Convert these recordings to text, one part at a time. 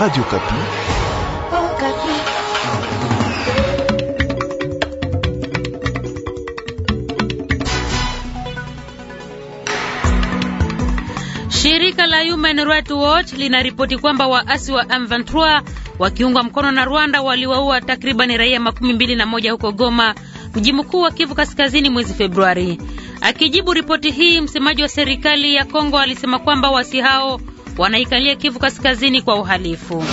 Radio Kapi. Oh, Kapi. Shirika la Human Rights Watch linaripoti kwamba waasi wa M23 wakiungwa mkono na Rwanda waliwaua takriban raia makumi mbili na moja huko Goma, mji mkuu wa Kivu Kaskazini mwezi Februari. Akijibu ripoti hii, msemaji wa serikali ya Kongo alisema kwamba waasi hao wanaikalia Kivu Kaskazini kwa uhalifu.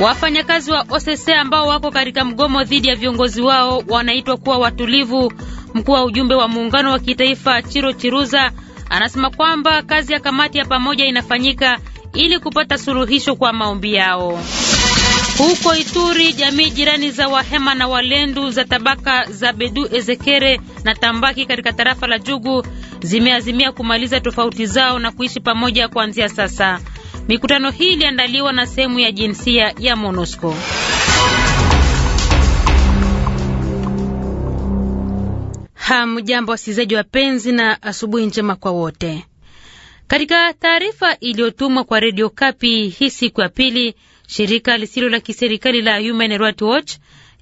Wafanyakazi wa OSSE ambao wako katika mgomo dhidi ya viongozi wao wanaitwa kuwa watulivu. Mkuu wa ujumbe wa muungano wa kitaifa Chiro Chiruza anasema kwamba kazi ya kamati ya pamoja inafanyika ili kupata suluhisho kwa maombi yao. Huko Ituri, jamii jirani za Wahema na Walendu za tabaka za Bedu Ezekere na Tambaki katika tarafa la Jugu zimeazimia kumaliza tofauti zao na kuishi pamoja kuanzia sasa. Mikutano hii iliandaliwa na sehemu ya jinsia ya MONUSCO. Hamjambo wasikilizaji wapenzi, na asubuhi njema kwa wote. Katika taarifa iliyotumwa kwa redio Kapi hii siku ya pili, shirika lisilo la kiserikali la Human Rights Watch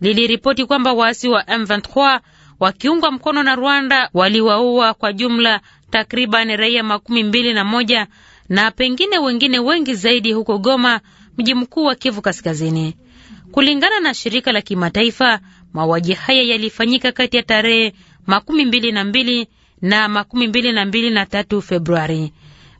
liliripoti kwamba waasi wa M23 wakiungwa mkono na Rwanda waliwaua kwa jumla takriban raia makumi mbili na moja na pengine wengine wengi zaidi huko Goma, mji mkuu wa Kivu Kaskazini. Kulingana na shirika la kimataifa, mauaji haya yalifanyika kati ya tarehe makumi mbili na mbili na makumi mbili na mbili na tatu Februari.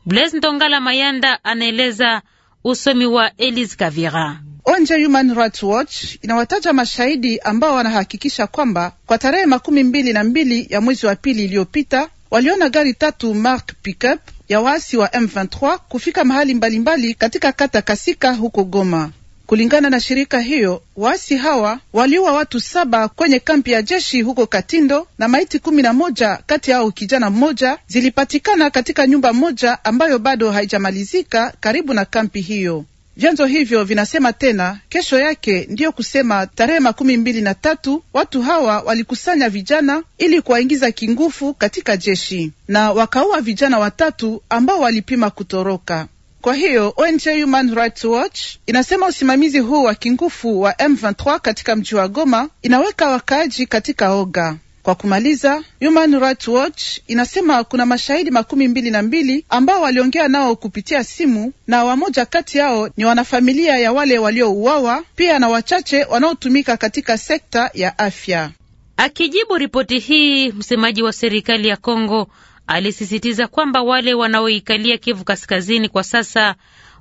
Blaise Ndongala Mayanda anaeleza usomi wa Elise Kavira. Onje Human Rights Watch inawataja mashahidi ambao wanahakikisha kwamba kwa tarehe makumi mbili na mbili ya mwezi wa pili iliyopita waliona gari tatu mark pickup ya waasi wa M23 kufika mahali mbalimbali mbali katika kata Kasika huko Goma. Kulingana na shirika hiyo, waasi hawa waliua watu saba kwenye kampi ya jeshi huko Katindo, na maiti kumi na moja kati yao kijana mmoja zilipatikana katika nyumba moja ambayo bado haijamalizika karibu na kampi hiyo. Vyanzo hivyo vinasema tena kesho yake, ndiyo kusema tarehe makumi mbili na tatu, watu hawa walikusanya vijana ili kuwaingiza kingufu katika jeshi na wakaua vijana watatu ambao walipima kutoroka. Kwa hiyo ONG Human Rights Watch inasema usimamizi huu wa kingufu wa M23 katika mji wa Goma inaweka wakaaji katika oga. Kwa kumaliza, Human Rights Watch inasema kuna mashahidi makumi mbili na mbili ambao waliongea nao kupitia simu na wamoja kati yao ni wanafamilia ya wale waliouawa, pia na wachache wanaotumika katika sekta ya afya. Akijibu ripoti hii, msemaji wa serikali ya Kongo alisisitiza kwamba wale wanaoikalia Kivu Kaskazini kwa sasa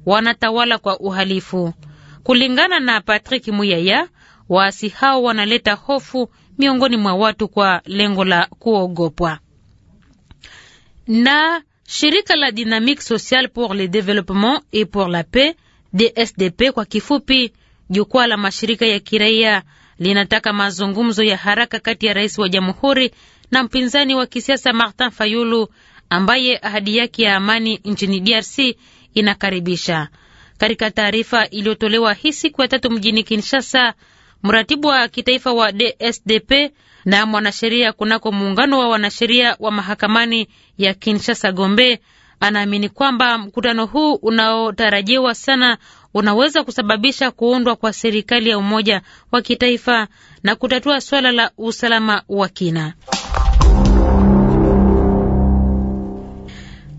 wanatawala kwa uhalifu. Kulingana na Patrick Muyaya, waasi hao wanaleta hofu miongoni mwa watu kwa lengo la kuogopwa. Na shirika la Dynamique social pour le Développement et pour la Paix, DSDP kwa kifupi, jukwaa la mashirika ya kiraia linataka mazungumzo ya haraka kati ya rais wa jamhuri na mpinzani wa kisiasa Martin Fayulu ambaye ahadi yake ya amani nchini DRC inakaribisha. Katika taarifa iliyotolewa hii siku ya tatu mjini Kinshasa, mratibu wa kitaifa wa DSDP na mwanasheria kunako muungano wa wanasheria wa mahakamani ya Kinshasa Gombe, anaamini kwamba mkutano huu unaotarajiwa sana unaweza kusababisha kuundwa kwa serikali ya umoja wa kitaifa na kutatua swala la usalama wa kina.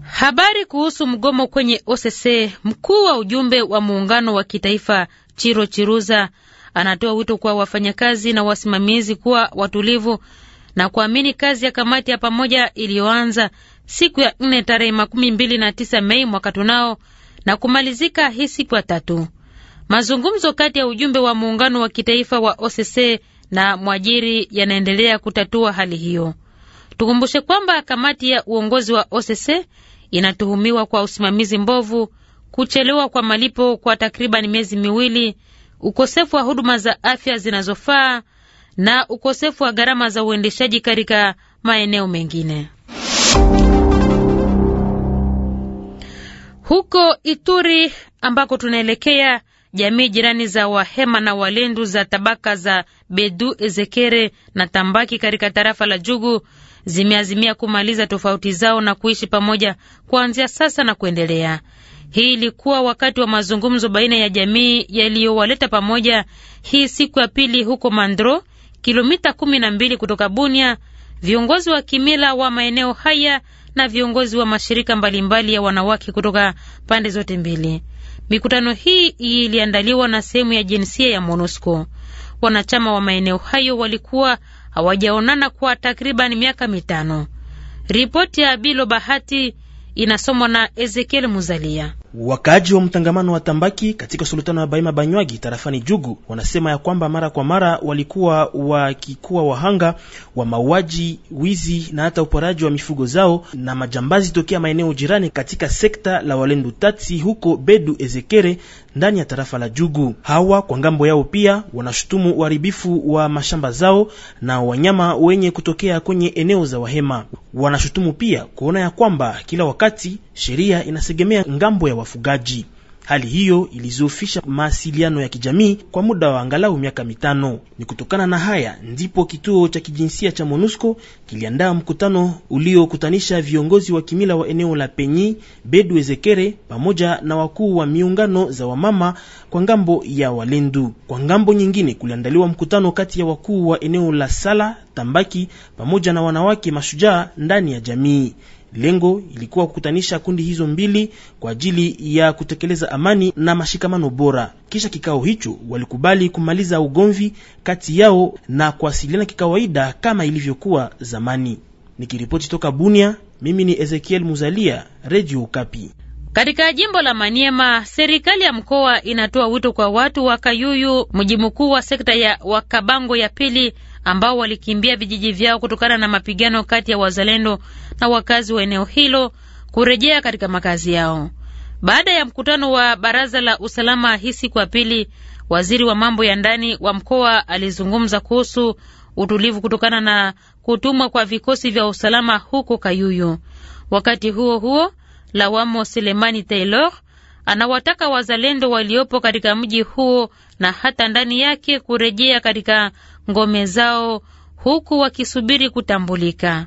Habari kuhusu mgomo kwenye OCC. Mkuu wa ujumbe wa muungano wa kitaifa Chiro Chiruza Anatoa wito kwa wafanyakazi na wasimamizi kuwa watulivu na kuamini kazi ya kamati ya pamoja iliyoanza siku ya nne tarehe makumi mbili na tisa Mei mwaka tunao na kumalizika hii siku ya tatu. Mazungumzo kati ya ujumbe wa muungano wa kitaifa wa OCC na mwajiri yanaendelea kutatua hali hiyo. Tukumbushe kwamba kamati ya uongozi wa OCC inatuhumiwa kwa usimamizi mbovu, kuchelewa kwa malipo kwa takriban miezi miwili ukosefu wa huduma za afya zinazofaa na ukosefu wa gharama za uendeshaji katika maeneo mengine. Huko Ituri ambako tunaelekea, jamii jirani za Wahema na Walendu za tabaka za Bedu, Ezekere na Tambaki katika tarafa la Jugu zimeazimia kumaliza tofauti zao na kuishi pamoja kuanzia sasa na kuendelea. Hii ilikuwa wakati wa mazungumzo baina ya jamii yaliyowaleta pamoja hii siku ya pili huko Mandro, kilomita kumi na mbili kutoka Bunia, viongozi wa kimila wa maeneo haya na viongozi wa mashirika mbalimbali ya wanawake kutoka pande zote mbili. Mikutano hii iliandaliwa na sehemu ya jinsia ya MONUSCO. Wanachama wa maeneo hayo walikuwa hawajaonana kwa takriban miaka mitano. Ripoti ya Bilo Bahati inasomwa na Ezekiel Muzalia. Wakaaji wa mtangamano wa Tambaki katika sultano ya Baima Banywagi tarafani Jugu wanasema ya kwamba mara kwa mara walikuwa wakikuwa wahanga wa mauaji, wizi na hata uporaji wa mifugo zao na majambazi tokea maeneo jirani katika sekta la Walendu Tatsi huko Bedu Ezekere ndani ya tarafa la Jugu. Hawa kwa ngambo yao pia wanashutumu uharibifu wa mashamba zao na wanyama wenye kutokea kwenye eneo za Wahema. Wanashutumu pia kuona ya kwamba kila wakati sheria inasegemea ngambo ya wafugaji. Hali hiyo ilizofisha mawasiliano ya kijamii kwa muda wa angalau miaka mitano. Ni kutokana na haya ndipo kituo cha kijinsia cha MONUSCO kiliandaa mkutano uliokutanisha viongozi wa kimila wa eneo la Penyi, Bedwe Zekere pamoja na wakuu wa miungano za wamama kwa ngambo ya Walendu. Kwa ngambo nyingine, kuliandaliwa mkutano kati ya wakuu wa eneo la Sala Tambaki pamoja na wanawake mashujaa ndani ya jamii. Lengo ilikuwa kukutanisha kundi hizo mbili kwa ajili ya kutekeleza amani na mashikamano bora. Kisha kikao hicho, walikubali kumaliza ugomvi kati yao na kuwasiliana kikawaida kama ilivyokuwa zamani. Nikiripoti toka Bunia, mimi ni Ezekiel Muzalia, redio Ukapi. Katika jimbo la Maniema, serikali ya mkoa inatoa wito kwa watu wa Kayuyu, mji mkuu wa sekta ya Wakabango ya pili ambao walikimbia vijiji vyao kutokana na mapigano kati ya wazalendo na wakazi wa eneo hilo kurejea katika makazi yao. Baada ya mkutano wa baraza la usalama hii siku ya pili, waziri wa mambo ya ndani wa mkoa alizungumza kuhusu utulivu kutokana na kutumwa kwa vikosi vya usalama huko Kayuyo. Wakati huo huo, Lawamo Selemani Taylor anawataka wazalendo waliopo katika mji huo na hata ndani yake kurejea katika ngome zao huku wakisubiri kutambulika.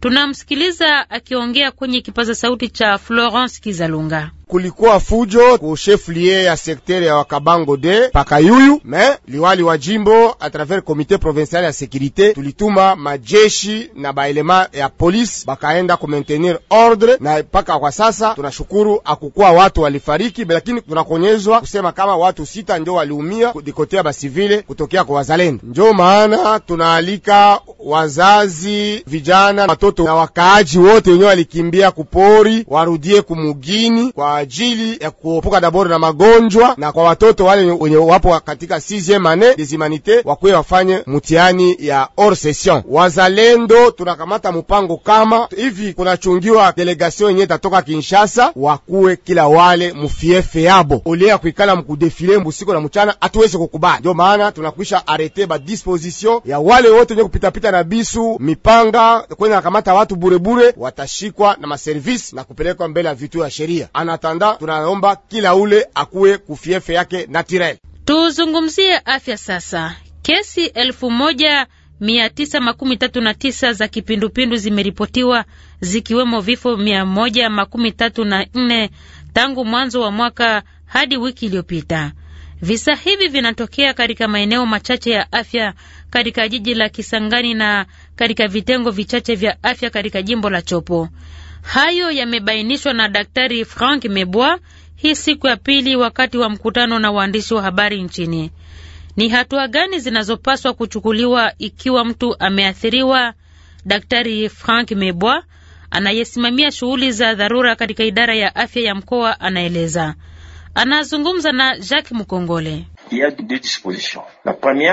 Tunamsikiliza akiongea kwenye kipaza sauti cha Florence Kizalunga kulikuwa fujo ku cheflier ya sektere ya Wakabango de Pakayuyu, me liwali wa jimbo travers comité provincial ya sécurité tulituma majeshi na baelema ya polisi bakaenda ku maintenir ordre, na mpaka kwa sasa tunashukuru akukuwa watu walifariki, lakini tunakonyezwa kusema kama watu sita ndio waliumia dikotea basivile kutokea kwa wazalendo. Njo maana tunaalika wazazi, vijana, watoto na wakaaji wote wenyewe walikimbia kupori warudie kumugini kwa ajili ya kuopoka dabori na magonjwa, na kwa watoto wale wenye wapo katika 6e ane des humanite wakuye wafanye mutiani ya hors session. Wazalendo tunakamata mupango kama hivi, kunachungiwa delegation yenye tatoka Kinshasa, wakuwe kila wale mufiefe yabo olie kuikala mukudefile mbusiko na muchana, atuweze kukubali. Ndio maana tunakwisha arete ba disposition ya wale wote wenye kupitapita na bisu mipanga kwenda nakamata watu burebure, watashikwa na maservisi na kupelekwa mbele ya vituo ya sheria ana matanda, tunaomba kila ule akuwe kufiefe yake naturel. Tuzungumzie afya sasa. Kesi elfu za kipindupindu zimeripotiwa zikiwemo vifo 134 tangu mwanzo wa mwaka hadi wiki iliyopita. Visa hivi vinatokea katika maeneo machache ya afya katika jiji la Kisangani na katika vitengo vichache vya afya katika jimbo la Chopo. Hayo yamebainishwa na Daktari Frank Mebwa hii siku ya pili wakati wa mkutano na waandishi wa habari nchini. Ni hatua gani zinazopaswa kuchukuliwa ikiwa mtu ameathiriwa? Daktari Frank Mebwa anayesimamia shughuli za dharura katika idara ya afya ya mkoa anaeleza. Anazungumza na Jacques Mkongole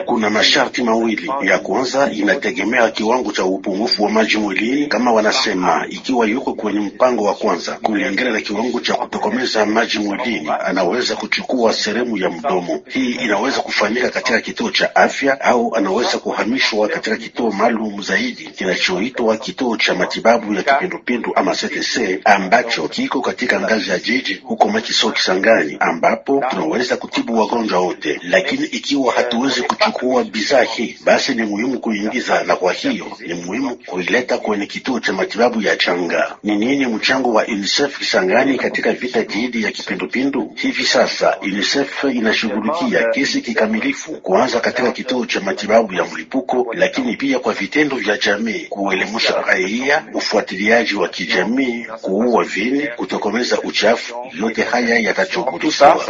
kuna masharti mawili. Ya kwanza inategemea kiwango cha upungufu wa maji mwilini, kama wanasema, ikiwa yuko kwenye mpango wa kwanza kulingana na kiwango cha kutokomeza maji mwilini, anaweza kuchukua sehemu ya mdomo. Hii inaweza kufanyika katika kituo cha afya au anaweza kuhamishwa katika kituo maalum zaidi kinachoitwa kituo cha matibabu ya kipindupindu ama CTC, ambacho kiko katika ngazi ya jiji huko Makiso Kisangani, ambapo tunaweza kutibu wagonjwa wote, lakini ikiwa hatu hatuwezi kuchukua bidhaa hii, basi ni muhimu kuingiza, na kwa hiyo ni muhimu kuileta kwenye kituo cha matibabu ya changa. Ni nini mchango wa UNICEF Kisangani katika vita dhidi ya kipindupindu? Hivi sasa UNICEF inashughulikia kesi kikamilifu, kuanza katika kituo cha matibabu ya mlipuko, lakini pia kwa vitendo vya jamii, kuelimisha raia, ufuatiliaji wa kijamii, kuua vini, kutokomeza uchafu. Yote haya yatachughulikiwa.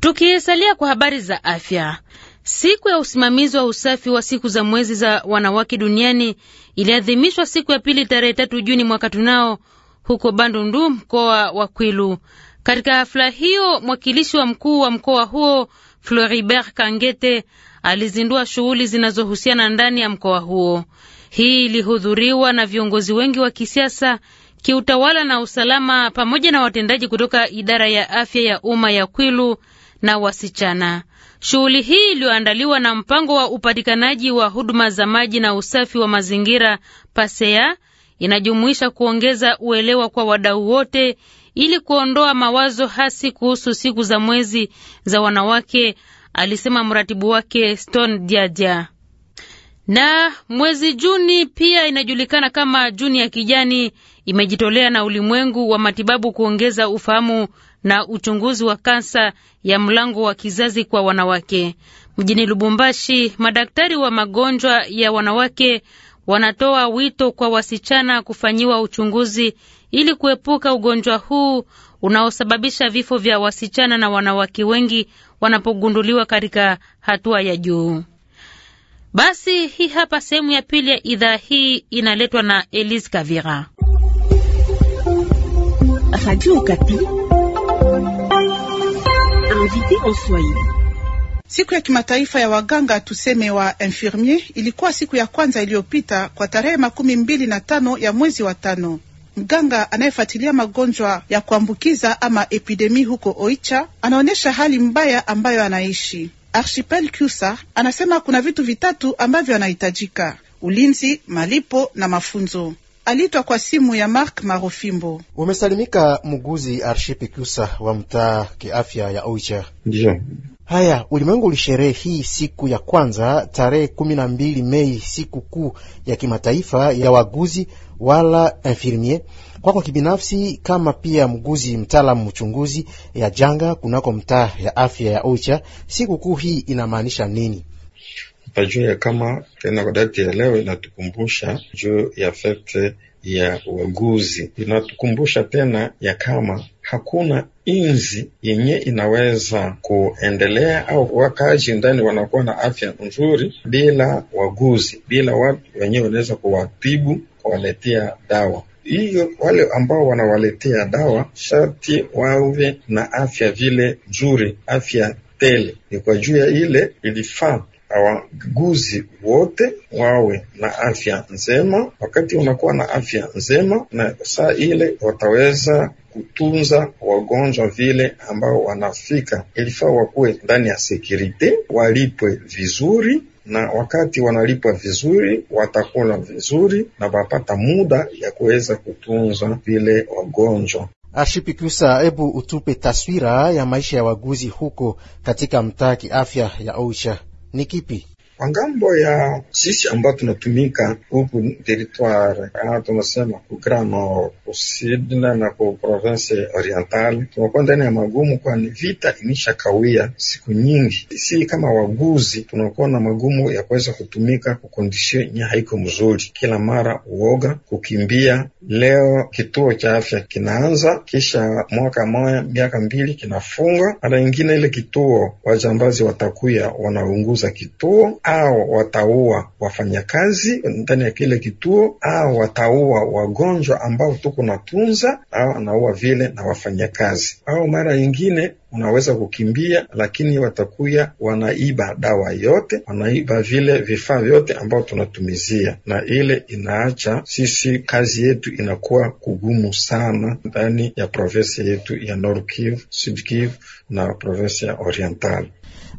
Tukisalia kwa habari za afya, siku ya usimamizi wa usafi wa siku za mwezi za wanawake duniani iliadhimishwa siku ya pili tarehe tatu Juni mwaka tunao huko Bandundu, mkoa wa Kwilu. Katika hafla hiyo, mwakilishi wa mkuu wa mkoa huo Floribert Kangete alizindua shughuli zinazohusiana ndani ya mkoa huo. Hii ilihudhuriwa na viongozi wengi wa kisiasa, kiutawala na usalama pamoja na watendaji kutoka idara ya afya ya umma ya Kwilu na wasichana. Shughuli hii iliyoandaliwa na mpango wa upatikanaji wa huduma za maji na usafi wa mazingira PASEA inajumuisha kuongeza uelewa kwa wadau wote ili kuondoa mawazo hasi kuhusu siku za mwezi za wanawake, alisema mratibu wake Stone Diaja. Na mwezi Juni pia inajulikana kama Juni ya kijani, imejitolea na ulimwengu wa matibabu kuongeza ufahamu na uchunguzi wa kansa ya mlango wa kizazi kwa wanawake. Mjini Lubumbashi, madaktari wa magonjwa ya wanawake wanatoa wito kwa wasichana kufanyiwa uchunguzi ili kuepuka ugonjwa huu unaosababisha vifo vya wasichana na wanawake wengi wanapogunduliwa katika hatua ya juu. Basi hii hapa sehemu ya pili ya idhaa hii inaletwa na Elise Kavira Radio Odite en Swahili. Siku ya kimataifa ya waganga tuseme wa infirmier ilikuwa siku ya kwanza iliyopita kwa tarehe makumi mbili na tano ya mwezi wa tano. Mganga anayefuatilia magonjwa ya kuambukiza ama epidemi huko Oicha anaonyesha hali mbaya ambayo anaishi. Archipel Kusa anasema kuna vitu vitatu ambavyo anahitajika: ulinzi, malipo na mafunzo. Alitwa kwa simu ya Mark Marofimbo. Umesalimika muguzi Arshipi Kusa wa mtaa kiafya ya Oicha. Ndiyo. Haya, ulimwengu ulisherehe hii siku ya kwanza tarehe kumi na mbili Mei, siku kuu ya kimataifa ya waguzi wala infirmier. Kwako kibinafsi, kama pia mguzi mtaalamu mchunguzi ya janga kunako mtaa ya afya ya Ocha, siku kuu hii inamaanisha nini? pa juu ya kama tena kwa dati ya leo inatukumbusha juu ya fete ya uaguzi, inatukumbusha tena ya kama hakuna inzi yenye inaweza kuendelea au wakaji ndani wanakuwa na afya nzuri bila waguzi, bila watu wenyewe wanaweza kuwatibu, kuwaletea dawa hiyo wale ambao wanawaletea dawa sharti wawe na afya vile nzuri, afya tele. Ni kwa juu ya ile ilifaa awaguzi wote wawe na afya nzema. Wakati unakuwa na afya nzema, na saa ile wataweza kutunza wagonjwa vile ambao wanafika. Ilifaa wakuwe ndani ya sekurite, walipwe vizuri na wakati wanalipwa vizuri watakula vizuri na wapata muda ya kuweza kutunza vile wagonjwa. Arshipikusa, hebu utupe taswira ya maisha ya waguzi huko katika mtaa kiafya ya ousha Nikki kipi? Kwa ngambo ya sisi ambao tunatumika huku teritoire a tunasema ku Grand Nord, ku Sud na ku province orientale, tunakuwa ndani ya magumu, kwani vita imesha kawia siku nyingi. Si kama waguzi, tunakuwa na magumu ya kuweza kutumika kukondisio nye haiko mzuri, kila mara uoga, kukimbia. Leo kituo cha afya kinaanza, kisha mwaka moya miaka mbili kinafunga, mara ingine ile kituo wajambazi watakuya wanaunguza kituo au wataua wafanyakazi ndani ya kile kituo, au wataua wagonjwa ambao tuko na tunza, au anaua vile na wafanyakazi, au mara nyingine unaweza kukimbia, lakini watakuya wanaiba dawa yote, wanaiba vile vifaa vyote ambao tunatumizia, na ile inaacha sisi kazi yetu inakuwa kugumu sana ndani ya provinsi yetu ya Nord Kivu, Sud na provinsi ya Oriental.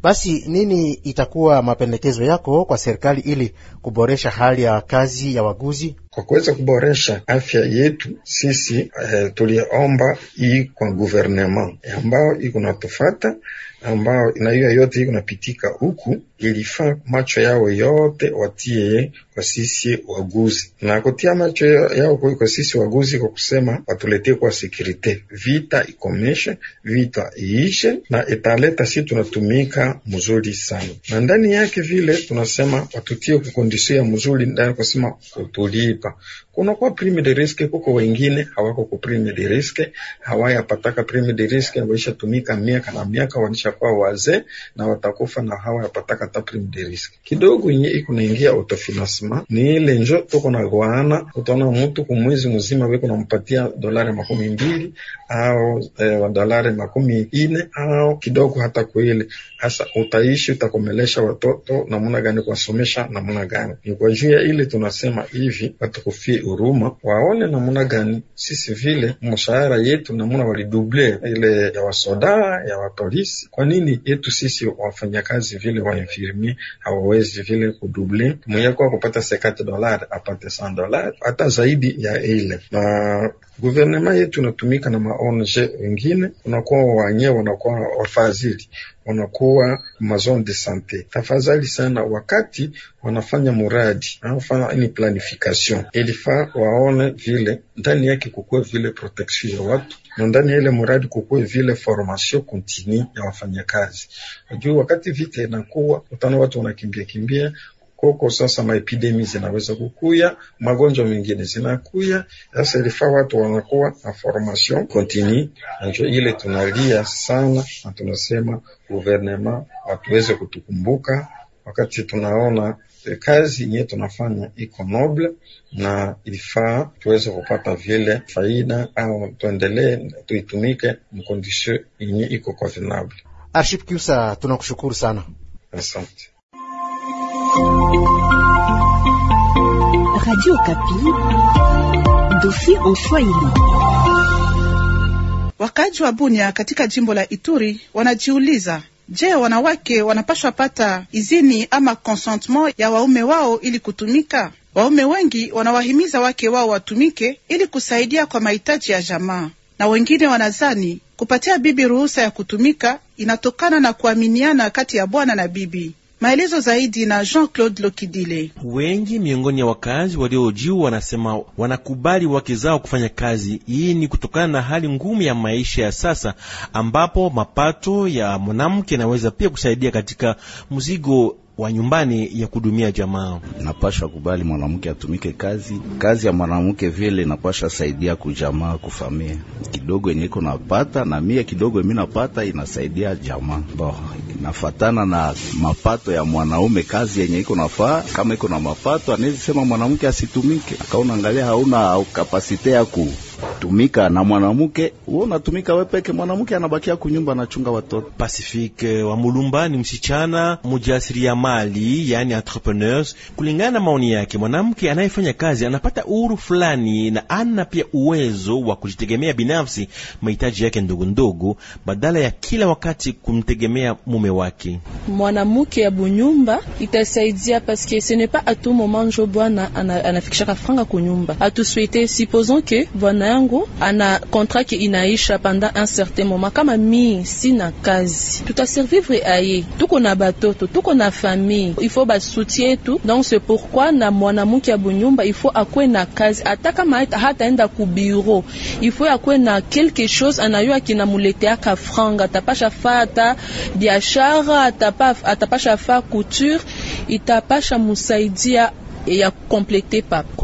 Basi nini itakuwa mapendekezo yako kwa serikali ili kuboresha hali ya kazi ya waguzi kwa kuweza kuboresha afya yetu sisi. Eh, tuliomba hii kwa guvernema ambayo iko natufata ambayo na hiyo yote iko napitika huku, ilifaa macho yao yote watie kwa sisi waguzi, na kutia macho yao kwa sisi waguzi kwa kusema watuletee kwa sekurite, vita ikomeshe, vita iishe, na italeta si tunatumika mzuri sana, na ndani yake vile tunasema watutie kukondisia mzuri ndani kusema kutulipa 港，kunakuwa prime de risque, kuko wengine hawako ku prime de risque, hawayapataka prime de risque, waishatumika miaka na miaka, walishakuwa wazee na watakufa, na hawayapataka ta prime de risque. Kidogo yenye iko naingia autofinancement ni ile njo tuko na gwana utaona mtu kumwezi mzima weko nampatia dolari makumi mbili au eh, dolari makumi ine au kidogo hata kuile hasa, utaishi utakomelesha watoto namuna gani, kuwasomesha namuna gani? Ni kwa juu ya ile tunasema hivi watukufie huruma, waone namuna gani sisi vile mshahara yetu namuna waliduble ile ya wasoda ya wapolisi. Kwa nini yetu sisi wafanyakazi vile wainfirmie hawawezi vile kuduble? Mwenyeko kupata sekati dolari apate san dolari hata zaidi ya ile, na guvernema yetu inatumika na maonje wengine, unakuwa wanyewe wanakuwa wafadhili wanakuwa mazone de sante. Tafadhali sana, wakati wanafanya muradi anafanya ni planification, ilifaa waone vile ndani yake kukuwe vile protection ya watu na ndani ya ile muradi kukuwe vile formation continue ya wafanyakazi. juu wakati vita inakuwa utana watu wanakimbia kimbia koko sasa maepidemi zinaweza kukuya, magonjwa mengine zinakuya. Sasa ilifaa watu wanakuwa na formation kontini, njo ile tunalia sana na tunasema guvernema watuweze kutukumbuka wakati tunaona eh, kazi yenyewe tunafanya iko noble na ilifaa tuweze kupata vile faida au tuendelee tuitumike mkondisio yenye iko kwa Arship Kiusa, tunakushukuru sana, asante. Radio Kapi, dossier en Swahili. Wakaji wa Bunia katika jimbo la Ituri wanajiuliza, je, wanawake wanapashwa pata izini ama consentement ya waume wao ili kutumika? Waume wengi wanawahimiza wake wao watumike ili kusaidia kwa mahitaji ya jamaa, na wengine wanazani kupatia bibi ruhusa ya kutumika inatokana na kuaminiana kati ya bwana na bibi. Maelezo zaidi na Jean-Claude Lokidile. Wengi miongoni ya wakazi waliojiu wanasema wanakubali wake zao kufanya kazi. Hii ni kutokana na hali ngumu ya maisha ya sasa, ambapo mapato ya mwanamke yanaweza pia kusaidia katika mzigo wa nyumbani ya kudumia jamaa. Napasha kubali mwanamke atumike kazi, kazi ya mwanamke vile napasha saidia kujamaa, kufamia kidogo yenye iko napata na mie kidogo emi napata inasaidia jamaa bo, inafatana na mapato ya mwanaume, kazi yenye iko nafaa. Kama iko na mapato anaweza sema mwanamke asitumike, akaona angalia hauna kapasite ya ku tumika na mwanamke wewe unatumika wewe peke, mwanamke anabakia kunyumba anachunga watoto. Pacifique eh, wa Mulumba ni msichana mali, yani entrepreneurs. Kulingana na maoni yake, mwanamke anayefanya kazi anapata uhuru fulani na ana pia uwezo wa kujitegemea binafsi mahitaji yake ndogo ndogo, badala ya kila wakati kumtegemea mume wake. Mwanamke ya bunyumba itasaidia parce que ce n'est pas à tout moment njo bwana anafikishaka franga kunyumba. atusuite supposons que bwana yangu ana ki inaisha pendant un certain moment. Kama mi sina kazi, tutasurvivre aye, tuko na batoto, tuko na famille, tout. Donc c'est pourquoi na mwanamke il Il akwe na kazi, hata ku bureau, faut akwe na quelque chose anayo akinamuletea ka franga, atapasha fata atapasha fa couture, itapasha musaidia ya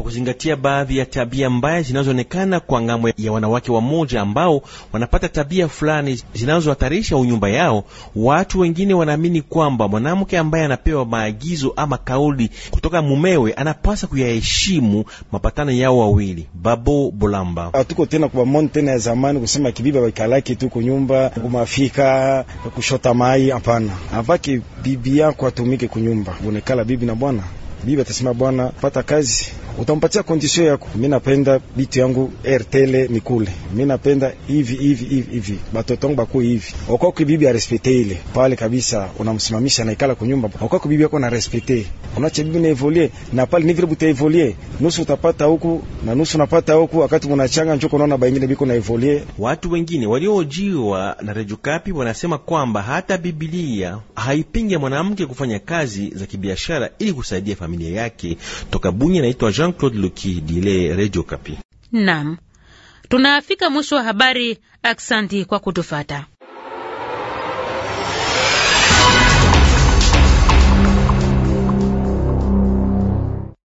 kuzingatia baadhi ya tabia mbaya zinazoonekana kwa ngamo ya wanawake wa moja ambao wanapata tabia fulani zinazohatarisha unyumba yao. Watu wengine wanaamini kwamba mwanamke ambaye anapewa maagizo ama kauli kutoka mumewe anapasa kuyaheshimu mapatano yao wawili. Babo Bolamba: hatuko ah, tena kwa mambo tena ya zamani kusema kibiba baikalaki tu nyumba kumafika kushota mai. Hapana, avaki bibi yako atumike kunyumba, unekala bibi na bwana bibi atasema bwana, pata kazi, utampatia kondisio yako. Mi napenda bitu yangu RTL nikule, mi napenda hivi hivi hivi hivi, batoto wangu bakuu hivi. okoko bibi arespekte ile pale kabisa, unamsimamisha naikala kunyumba, okoko bibi yako na respecte unache bibi na evolue na pale ni vile buta nusu utapata huku na nusu unapata huku, wakati unachanga njoko unaona baingine biko na evolue. Watu wengine waliojiwa na Radio Kapi wanasema kwamba hata Biblia haipingi mwanamke kufanya kazi za kibiashara ili kusaidia familia yake. Toka Bunye, naitwa Jean Claude Lukidi Dile, Radio Kapi. Naam, tunafika mwisho wa habari. Aksanti kwa kutufata.